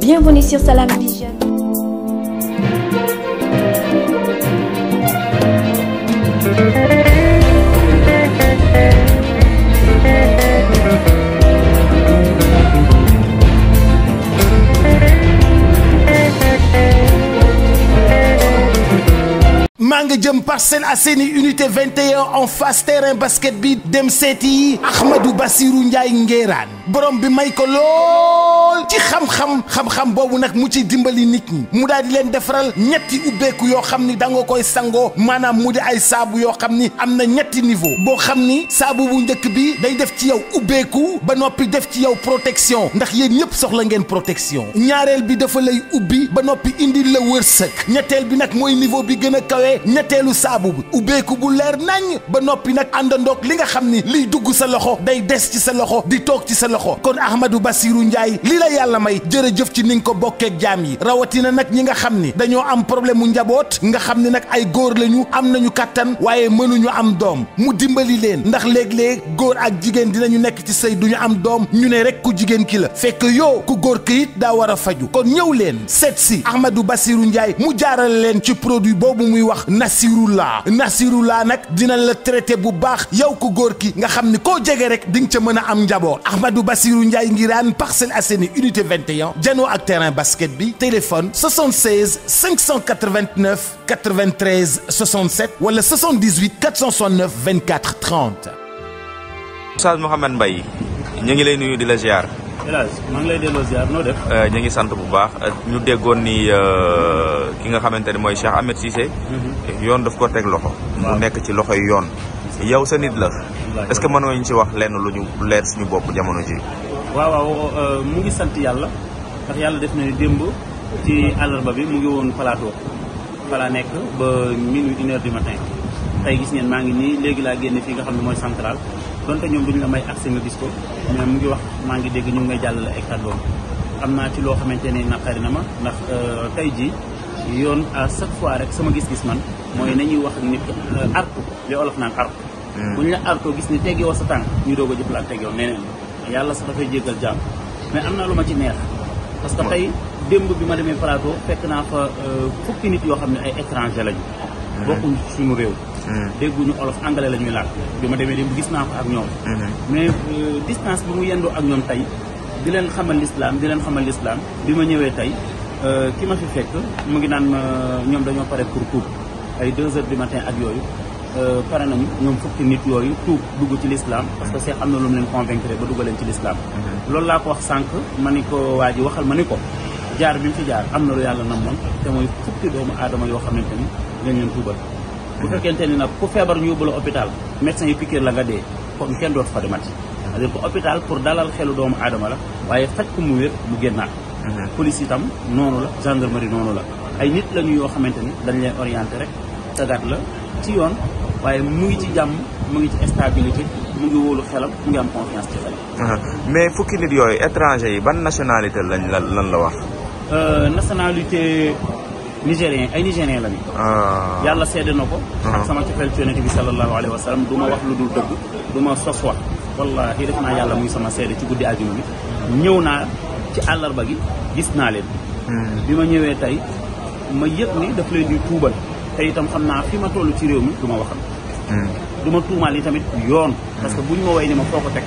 Bienvenue sur Salam Vision. maa nga jëm Parcelles seeni unité 21 en face terrain basket bi dem seeti yi Ahmadou Bassirou Ndiaye Nguérane borom bi may ko lool ci xam-xam xam-xam boobu nag mu ci dimbali nit ñi mu daal di leen defaral ñetti ubbeeku yoo xam ni da nga koy sangoo maanaam mu di ay saabu yoo xam ni am na ñetti niveau boo xam ni saabu bu njëkk bi day def ci yow ubbeeku ba noppi def ci yow protection ndax yéen ñëpp soxla ngeen protection ñaareel bi dafa lay ubbi ba noppi indi la wërsëg ñetteel bi nag mooy niveau bi gën a kawee ñetteelu saabu bi ubbeeku bu leer nañ ba noppi nag àndandoog li nga xam ni liy dugg sa loxo day des ci sa loxo di toog ci sa loxo loxo kon Ahmadou Bassirou Ndiaye li la yàlla may jërëjëf ci ni nga ko bokkeek jaam yi rawatina nag ñi nga xam ni dañoo am problème mu njaboot nga xam ni nag ay góor lañu am nañu kàttan waaye mënuñu am doom mu dimbali leen ndax léeg-léeg góor ak jigéen dinañu nekk ci sëy duñu am doom ñu ne rek ku jigéen ki la fekk yow ku góor ki it daa war a faju kon ñëw leen seet si Ahmadou Bassirou Ndiaye mu jaarale leen ci produit boobu muy wax Nasirullah Nasirullah nag dina la traité bu baax yow ku góor ki nga xam ni koo jege rek di nga ca mën a am njaboot Bassirou Ndiaye Ngirane Parcelles Assainies unité 21 janoo ak terrain basket bi téléphone 76 589 93 67 wala 78 469 24 30. Oustaz Mouhamed Mbaye ñu ngi lay nuyu di la ziar. hélas maa ngi lay delloo ziar noo def. Euh, ñu ngi sant bu baax ak ñu déggoon ni euh, ki nga xamante ne mooy Cheikh Ahmed Cissé. Mhm. yoon daf ko teg loxo. mu nekk ci loxoy yoon. yow sa nit la est-ce que ñu ci wax lenn lu ñu leer suñu bopp jamono ji waaw waaw euh, mu ngi sant yàlla ndax yàlla def na ni démb ci àllarba bi mu ngi woon plateau falaa nekk ba minuit une heure du matin tey gis ngeen maa ngi nii léegi laa génne fii nga xam ne mooy central donte ñoom ñu la may accès nga gis ko mais mu ngi wax maa ngi dégg ñu ngi ngay jàllale ay kàddoom am naa ci loo xamante ni na naqari na ma ndax euh, tey ji yoon à chaque fois rek sama gis-gis man mooy nañuy wax nit euh, artu Mm. bu ñu la artoo gis ni teggi wa sa tànk ñu doog a jëflante ak yow neneen yàlla sax dafay jéggal jàmm mais am na lu ma ci neex parce que tey démb bi ma demee plateau fekk naa fa euh, fukki nit yoo xam ne ay étranger lañu mm. bokkuñ suñu réew mm. dégguñu olof anglais la ñuy làkk bi ma demee démb gis naa ko ak ñoom mm-hmm. mais euh, distance bi mu yendoo ak ñoom tey di leen xamal lislaam di leen xamal lislaam bi ma ñëwee tey euh, ki ma fi fekk mu ngi naan ma ñoom dañoo pare pour coupe ay deux heures du matin ak yooyu Euh, pare nañu ñoom fukki nit yooyu tuub dugg ci lislaam parce que seex am na lu mu leen convaincre ba duggaleen ci lislaam mhm. loolu laa ko wax sànq ma ni ko waa ji waxal ma ni ko jaar bi mu fi jaar am na lu yàlla namoon te mooy fukki doomu aadama yoo xamante ni dañ leen tuubal bu fekkente ni nag ku feebar ñu yóbbu la hôpital médecin yi piqûre la nga dee kon kenn dootu fa demati c'est-à-dire hôpital pour dalal xelu doomu aadama la waaye faj ko mu wér mu génnaat mhm. police itam noonu la gendarmerie noonu la ay nit la ñu yoo xamante ni dañ leen orienté rek taggat la ci yoon waaye mu ngi ci jàmm mu ngi ci stabilité mu ngi wóolu xelam mu ngi am confiance ci xelam. mais fukki nit yooyu étranger yi ban nationalité lañ lan lan la wax. Euh, nationalité nigérien ay nigérien la ah. yàlla sedd na ko. ak sama cofeel ci yonent bi sallallahu alayhi wa sallam du ma wax lu dul dëgg du ma sos wax wallahi def naa yàlla muy sama seede ci guddi àjjuma bi ñëw naa ci àllarba gi gis naa leen. Hmm. bi ma ñëwee tey ma yëg ni daf leen di tuubal. te itam xam naa fi ma toll ci réew mi du ma waxal hmm. du ma tuumaal yi tamit yoon parce que bu ñu ma way ni ma foo ko teg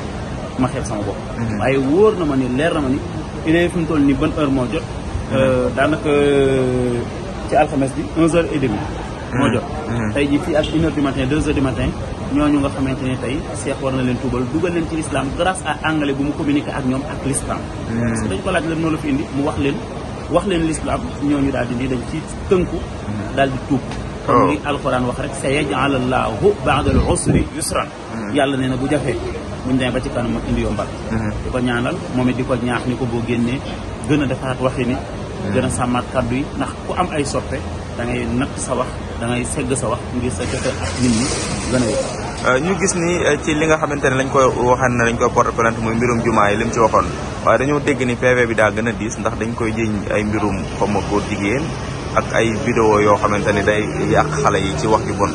ma xeeb sama bopp hmm. waaye wóor na ma ni leer na ma ni idée fi toll nii ban heure moo jot hmm. euh, daanaka euh, ci alxames bi onze heures et demie moo jot tey ji fii ak une heure du matin deux heures du matin ñooñu nga xamante ne tey Cheikh war na leen tuubal dugal leen ci l'islam grâce à anglais bu mu communiquer ak ñoom ak l'islam parce que dañ ko laaj wax leen lislaam ñooñu daal di nii dañ ci tënku daal di tuub comme li oh. alquran wax rek sa yajal allahu baadal usri yusran mm-hmm. yàlla nee na bu jafee buñ demee ba ci kanam indi yombal mm-hmm. di ko ñaanal moom it di ko ñaax ni ko boo génnee gën a defaraat waxi ni mm-hmm. gën a sàmmaat kàddu yi ndax ku am ay soppe da ngay natt sa wax da ngay segg sa wax ngir sa jote ak nit ñi gën a euh, ñu gis ni euh, ci li nga xamante ne lañ koy waxaan na lañ koy porte plainte muy mbirum jumaa yi lim ci waxoon waaye dañoo dégg ni PV bi daa gën a diis ndax dañ koy jiñ ay mbirum xawma koo jigéen ak ay vidéo yoo xamante ni day yàq xale yi ci wax ju bon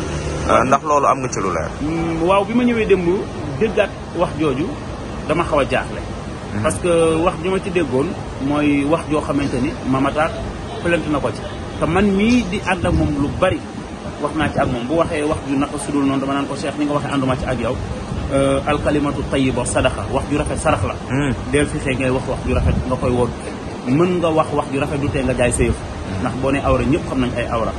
euh, ndax loolu am nga ci lu leer. Mm, waaw bi ma ñëwee démb déggaat wax jooju dama xaw a jaaxle. Mhm. parce que wax ju ma ci déggoon mooy wax joo xamante ni Mamata plainte na ko ci. te man mii di ànd ak moom lu bari wax naa ci ak moom bu waxee wax ju naka sudul noonu dama naan ko Cheikh ni nga waxee ànduma ci ak yow. Euh, alkalimatu tayiba sadaqa wax ju rafet sarax la hmm. del fexee ngay wax wax ju rafet nga koy woo mën nga wax wax ju rafet du tee nga jaay sa yëf hmm. ndax boo ne awra ñëpp xam nañ ay awra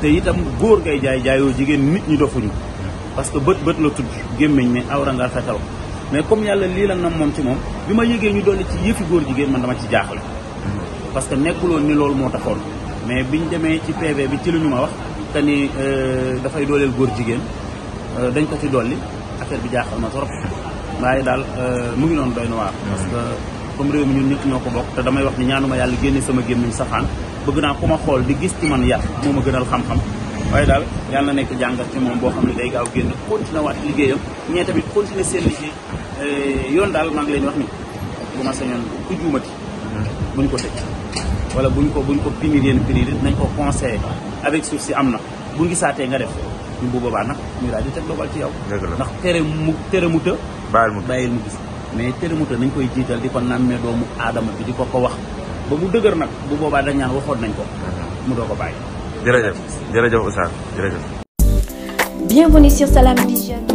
te itam góor ngay jaay jaayoo jigéen nit ñi dofuñu hmm. parce que bët bët la tudd gémmiñ ne awra nga rafetal mais comme yàlla lii la nam moom ci moom bi ma yëgee ñu dolli ci yëfi góor jigéen man dama ci jaaxle parce que nekkuloon ni loolu moo taxoon mais bi ñu demee ci PV bi ci lu ñu ma wax te ni euh, dafay dooleel góor jigéen euh, dañ ko ci dolli affaire bi jaaxal ma trop waaye daal euh, mu ngi noonu doy na waar comme réew mi ñun ñëpp ñoo ko bokk te damay wax ni ñaanuma yàlla génne sama gémmiñ safaan bëgg naa ku ma xool di gis ci man yar moo ma gënal xam-xam waaye daal yàlla na nekk jàngat ci moom boo xam ne day gaaw génn continuer waat liggéeyam ñee tamit continuer seen liggéey euh, yoon daal maa ngi leen wax ni bu ma sañoon ku juumati buñ ko tëj wala buñ ko buñ ko punir yenn punir nañ ko conseillé avec suuf si am na bu gisaatee nga def ñu bu boobaa nag ñu daal di teg dogal ci yow ndax tere mu tere mu të bàyyil mu gis mais tere mu të nañ koy jiital di ko nàmmee doomu aadama bi di ko ko wax ba mu dëgër nag bu boobaa dañ ñaan waxoon nañ ko mu doo ko bàyyi jërëjëf jërëjëf Oustaz jërëjëf bienvenue sur Salam Vision